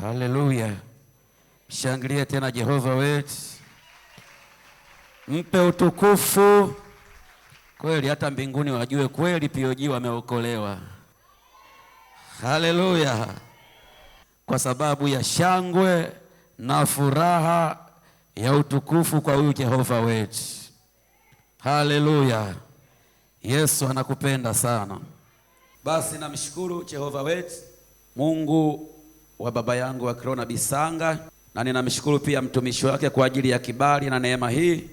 Haleluya! Mshangilie tena Jehova wetu, mpe utukufu kweli, hata mbinguni wajue kweli POG wameokolewa. Haleluya! Kwa sababu ya shangwe na furaha ya utukufu kwa huyu Jehova wetu. Haleluya! Yesu anakupenda sana. Basi namshukuru Jehova wetu Mungu wa baba yangu wa Kirona Bisanga, na ninamshukuru pia mtumishi wake kwa ajili ya kibali na neema hii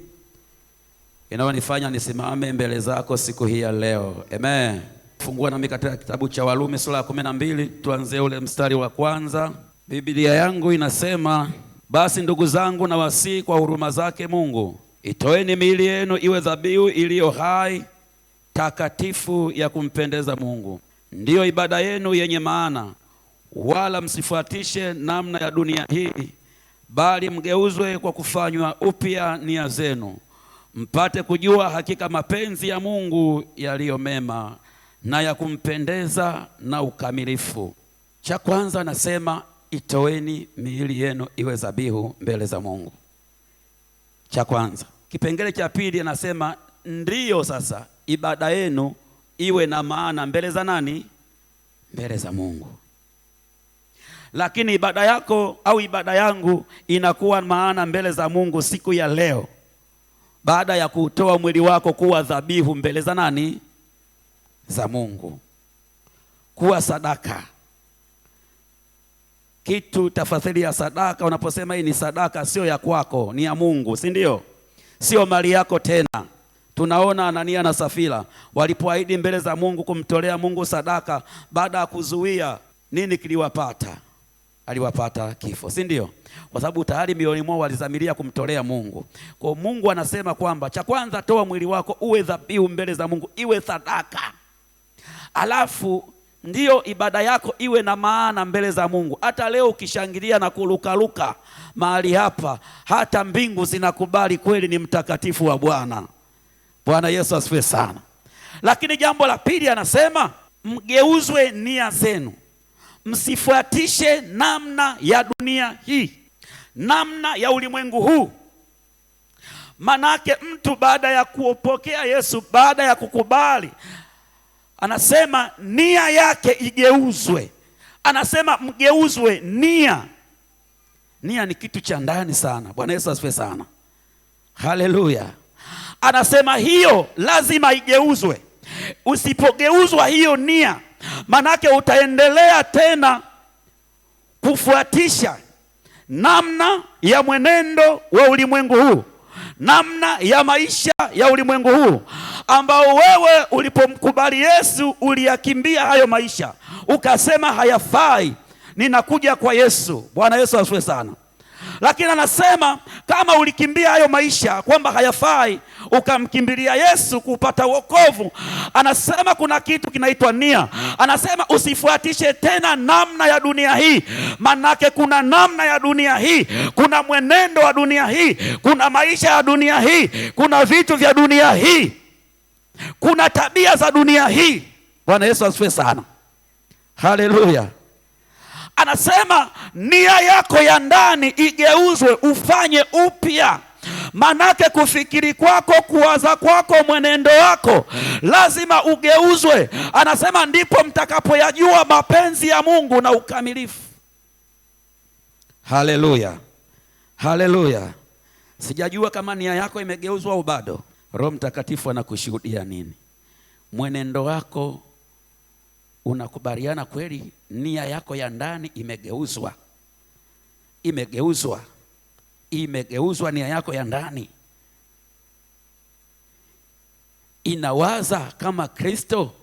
inayonifanya nisimame mbele zako siku hii ya leo. Amen. Fungua nami katika kitabu cha Warumi sura ya kumi na mbili tuanzie ule mstari wa kwanza. Biblia yangu inasema, basi ndugu zangu, nawasihi kwa huruma zake Mungu, itoeni miili yenu iwe dhabihu iliyo hai takatifu ya kumpendeza Mungu, ndiyo ibada yenu yenye maana wala msifuatishe namna ya dunia hii, bali mgeuzwe kwa kufanywa upya nia zenu, mpate kujua hakika mapenzi ya Mungu yaliyo mema na ya kumpendeza na ukamilifu. Cha kwanza nasema itoeni miili yenu iwe dhabihu mbele za Mungu, cha kwanza. Kipengele cha pili anasema ndiyo sasa ibada yenu iwe na maana mbele za nani? Mbele za Mungu lakini ibada yako au ibada yangu inakuwa maana mbele za Mungu siku ya leo, baada ya kutoa mwili wako kuwa dhabihu mbele za nani? Za Mungu, kuwa sadaka kitu tafadhali ya sadaka. Unaposema hii ni sadaka, sio ya kwako, ni ya Mungu, si ndio? Sio mali yako tena. Tunaona Anania na Safira walipoahidi mbele za Mungu kumtolea Mungu sadaka, baada ya kuzuia, nini kiliwapata? aliwapata kifo, si ndio? Kwa sababu tayari mioyoni mwao walizamiria kumtolea Mungu. Kwa Mungu anasema kwamba cha kwanza, toa mwili wako uwe dhabihu mbele za Mungu, iwe sadaka, alafu ndiyo ibada yako iwe na maana mbele za Mungu. Hata leo ukishangilia na kulukaluka mahali hapa, hata mbingu zinakubali kweli ni mtakatifu wa Bwana. Bwana Yesu asifiwe sana. Lakini jambo la pili anasema mgeuzwe nia zenu msifuatishe namna ya dunia hii, namna ya ulimwengu huu. Manake mtu baada ya kuopokea Yesu, baada ya kukubali, anasema nia yake igeuzwe. Anasema mgeuzwe nia. Nia ni kitu cha ndani sana. Bwana Yesu asifiwe sana, haleluya. Anasema hiyo lazima igeuzwe. Usipogeuzwa hiyo nia Manake utaendelea tena kufuatisha namna ya mwenendo wa ulimwengu huu, namna ya maisha ya ulimwengu huu ambao wewe ulipomkubali Yesu uliyakimbia hayo maisha, ukasema hayafai, ninakuja kwa Yesu. Bwana Yesu asifiwe sana. Lakini anasema kama ulikimbia hayo maisha kwamba hayafai, ukamkimbilia Yesu kupata wokovu, anasema kuna kitu kinaitwa nia. Anasema usifuatishe tena namna ya dunia hii, manake kuna namna ya dunia hii, kuna mwenendo wa dunia hii, kuna maisha ya dunia hii, kuna vitu vya dunia hii, kuna tabia za dunia hii. Bwana Yesu asifiwe sana, haleluya. Anasema nia yako ya ndani igeuzwe, ufanye upya. Manake kufikiri kwako, kuwaza kwako, mwenendo wako lazima ugeuzwe. Anasema ndipo mtakapoyajua mapenzi ya Mungu na ukamilifu. Haleluya, haleluya. Sijajua kama nia yako imegeuzwa au bado. Roho Mtakatifu anakushuhudia nini? Mwenendo wako Unakubaliana kweli, nia yako ya ndani imegeuzwa, imegeuzwa, imegeuzwa. Nia yako ya ndani inawaza kama Kristo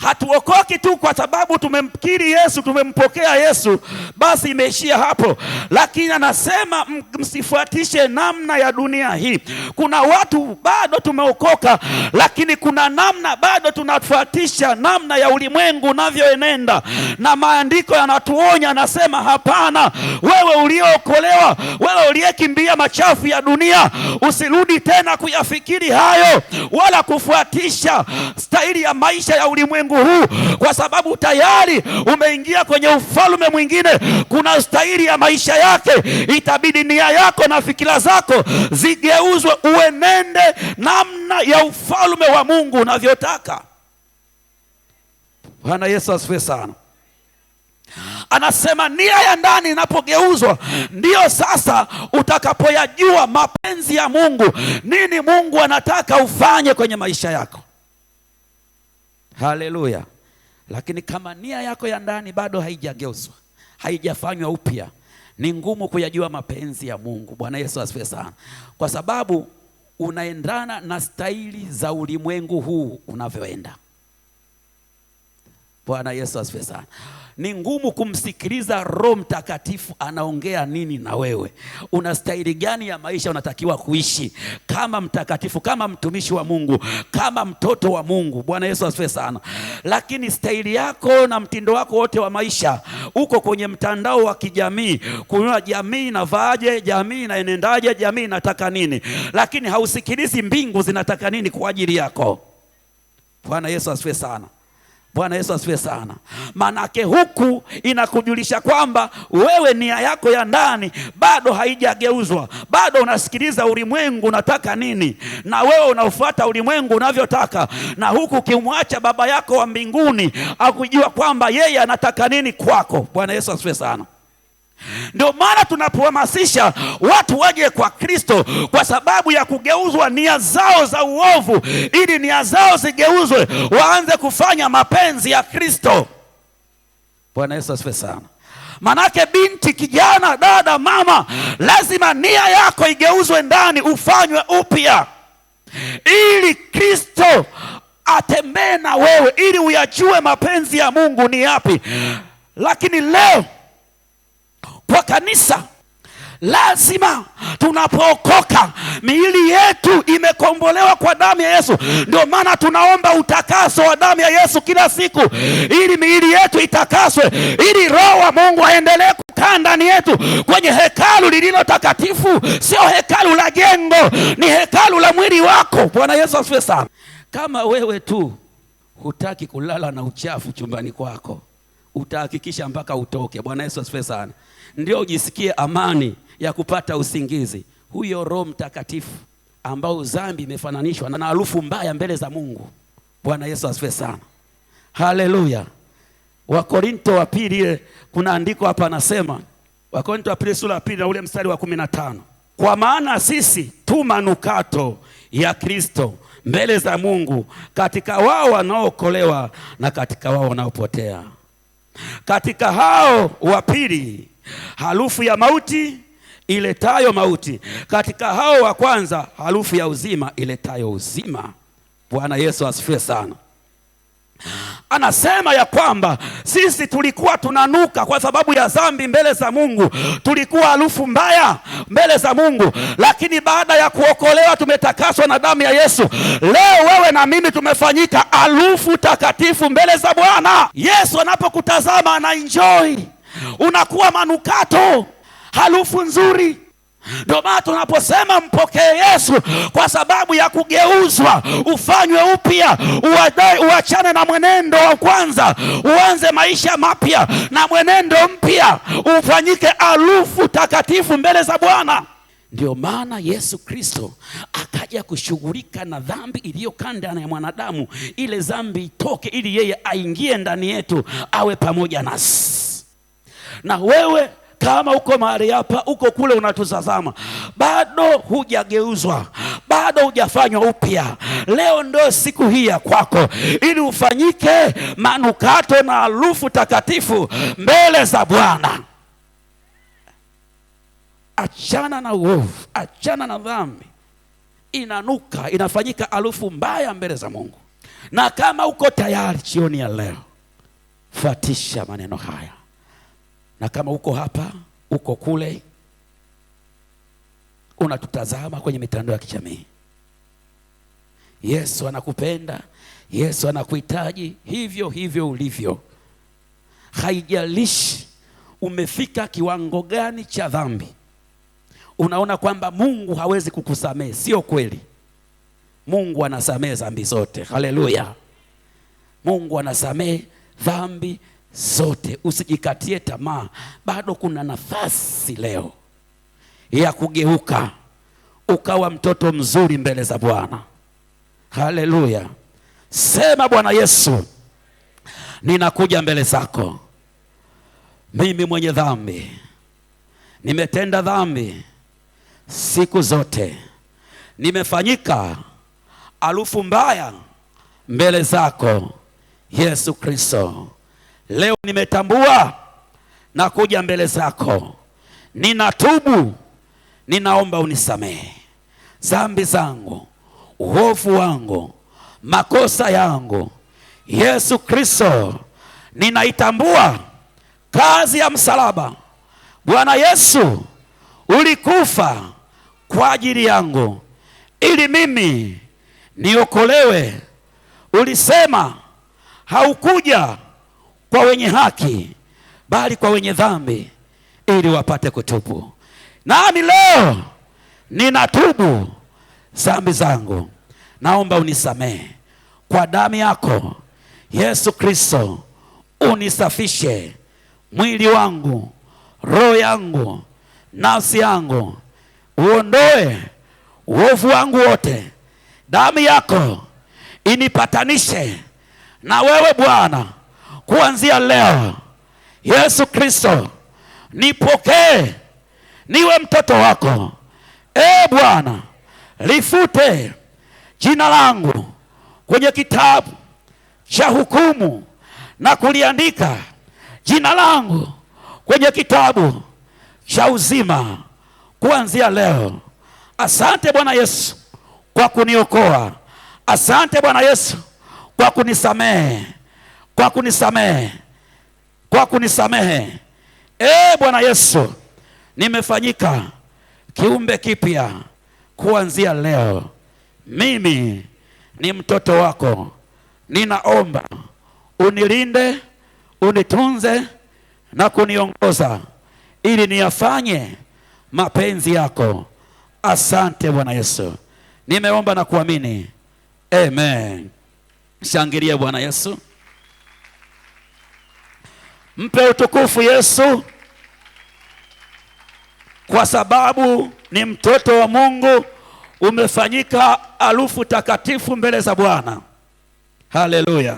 Hatuokoki tu kwa sababu tumemkiri Yesu, tumempokea Yesu, basi imeishia hapo. Lakini anasema msifuatishe namna ya dunia hii. Kuna watu bado tumeokoka, lakini kuna namna bado tunafuatisha namna ya ulimwengu unavyoenenda, na maandiko yanatuonya, anasema hapana, wewe uliyookolewa, wewe uliyekimbia machafu ya dunia, usirudi tena kuyafikiri hayo wala kufuatisha staili ya maisha ya ulimwengu ulimwengu huu, kwa sababu tayari umeingia kwenye ufalme mwingine. Kuna staili ya maisha yake, itabidi nia yako na fikira zako zigeuzwe, uenende namna ya ufalme wa Mungu unavyotaka. Bwana Yesu asifiwe sana. Anasema nia ya ndani inapogeuzwa, ndiyo sasa utakapoyajua mapenzi ya Mungu, nini Mungu anataka ufanye kwenye maisha yako. Haleluya! Lakini kama nia yako ya ndani bado haijageuzwa, haijafanywa upya, ni ngumu kuyajua mapenzi ya Mungu. Bwana Yesu asifiwe sana, kwa sababu unaendana na staili za ulimwengu huu unavyoenda. Bwana Yesu asifiwe sana. Ni ngumu kumsikiliza Roho Mtakatifu anaongea nini na wewe. Una staili gani ya maisha unatakiwa kuishi kama mtakatifu, kama mtumishi wa Mungu, kama mtoto wa Mungu. Bwana Yesu asifiwe sana. Lakini staili yako na mtindo wako wote wa maisha uko kwenye mtandao wa kijamii, kuona jamii inavaaje, jamii inaenendaje, jamii inataka nini, lakini hausikilizi mbingu zinataka nini kwa ajili yako. Bwana Yesu asifiwe sana. Bwana Yesu asifiwe sana. Manake huku inakujulisha kwamba wewe nia yako ya ndani bado haijageuzwa, bado unasikiliza ulimwengu unataka nini, na wewe unaofuata ulimwengu unavyotaka, na huku ukimwacha baba yako wa mbinguni akujua kwamba yeye anataka nini kwako. Bwana Yesu asifiwe sana. Ndio maana tunapohamasisha watu waje kwa Kristo kwa sababu ya kugeuzwa nia zao za uovu, ili nia zao zigeuzwe, waanze kufanya mapenzi ya Kristo. Bwana Yesu asifiwe sana. Manake binti, kijana, dada, mama, lazima nia yako igeuzwe ndani, ufanywe upya ili Kristo atembee na wewe, ili uyajue mapenzi ya Mungu ni yapi. Lakini leo kwa kanisa. Lazima tunapookoka miili yetu imekombolewa kwa damu ya Yesu. Ndio maana tunaomba utakaso wa damu ya Yesu kila siku, ili miili yetu itakaswe, ili Roho wa Mungu aendelee kukaa ndani yetu, kwenye hekalu lililo takatifu. Sio hekalu la jengo, ni hekalu la mwili wako. Bwana Yesu asifiwe sana. Kama wewe tu hutaki kulala na uchafu chumbani kwako, utahakikisha mpaka utoke. Bwana Yesu asifiwe sana ndio ujisikie amani ya kupata usingizi. Huyo Roho Mtakatifu ambao dhambi imefananishwa na harufu mbaya mbele za Mungu. Bwana Yesu asifiwe sana, haleluya. Wakorinto wa pili, eh, kuna andiko hapa anasema, Wakorinto wa pili sura ya pili na ule mstari wa kumi na tano kwa maana sisi tu manukato ya Kristo mbele za Mungu, katika wao wanaookolewa na katika wao wanaopotea. Katika hao wa pili harufu ya mauti iletayo mauti, katika hao wa kwanza harufu ya uzima iletayo uzima. Bwana Yesu asifiwe sana. Anasema ya kwamba sisi tulikuwa tunanuka kwa sababu ya dhambi mbele za Mungu, tulikuwa harufu mbaya mbele za Mungu, lakini baada ya kuokolewa tumetakaswa na damu ya Yesu, leo wewe na mimi tumefanyika harufu takatifu mbele za Bwana. Yesu anapokutazama ana enjoy unakuwa manukato, harufu nzuri. Ndio maana tunaposema mpokee Yesu kwa sababu ya kugeuzwa, ufanywe upya, uachane na mwenendo wa kwanza, uanze maisha mapya na mwenendo mpya, ufanyike harufu takatifu mbele za Bwana. Ndio maana Yesu Kristo akaja kushughulika na dhambi iliyo kanda ya mwanadamu, ile dhambi itoke, ili yeye aingie ndani yetu, awe pamoja nasi na wewe kama uko mahali hapa, uko kule unatuzazama, bado hujageuzwa, bado hujafanywa upya. Leo ndo siku hii ya kwako, ili ufanyike manukato na harufu takatifu mbele za Bwana. Achana na uovu, achana na dhambi, inanuka, inafanyika harufu mbaya mbele za Mungu. Na kama uko tayari, jioni ya leo, fuatisha maneno haya na kama uko hapa, uko kule, unatutazama kwenye mitandao ya kijamii, Yesu anakupenda, Yesu anakuhitaji hivyo hivyo ulivyo. Haijalishi umefika kiwango gani cha dhambi, unaona kwamba Mungu hawezi kukusamehe. Sio kweli. Mungu anasamehe dhambi zote. Haleluya! Mungu anasamehe dhambi zote. Usijikatie tamaa, bado kuna nafasi leo ya kugeuka ukawa mtoto mzuri mbele za Bwana. Haleluya! Sema, Bwana Yesu, ninakuja mbele zako, mimi mwenye dhambi, nimetenda dhambi siku zote, nimefanyika harufu mbaya mbele zako Yesu Kristo Leo nimetambua na kuja mbele zako, ninatubu, ninaomba unisamehe dhambi zangu, uovu wangu, makosa yangu. Yesu Kristo, ninaitambua kazi ya msalaba. Bwana Yesu, ulikufa kwa ajili yangu ili mimi niokolewe. Ulisema haukuja kwa wenye haki, bali kwa wenye dhambi, ili wapate kutubu. Nami leo ninatubu dhambi zangu, naomba unisamehe kwa damu yako Yesu Kristo, unisafishe mwili wangu, roho yangu, nafsi yangu, uondoe uovu wangu wote. Damu yako inipatanishe na wewe Bwana kuanzia leo, Yesu Kristo nipokee, niwe mtoto wako. E Bwana, lifute jina langu kwenye kitabu cha hukumu na kuliandika jina langu kwenye kitabu cha uzima kuanzia leo. Asante Bwana Yesu kwa kuniokoa. Asante Bwana Yesu kwa kunisamehe kwa kunisamehe, kwa kunisamehe. Ee Bwana Yesu, nimefanyika kiumbe kipya kuanzia leo. Mimi ni mtoto wako, ninaomba unilinde, unitunze na kuniongoza ili niyafanye mapenzi yako. Asante Bwana Yesu, nimeomba na kuamini, amen. shangilie Bwana Yesu. Mpe utukufu Yesu, kwa sababu ni mtoto wa Mungu, umefanyika harufu takatifu mbele za Bwana. Haleluya.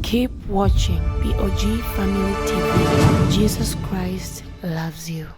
Keep watching POG Family TV. Jesus Christ loves you.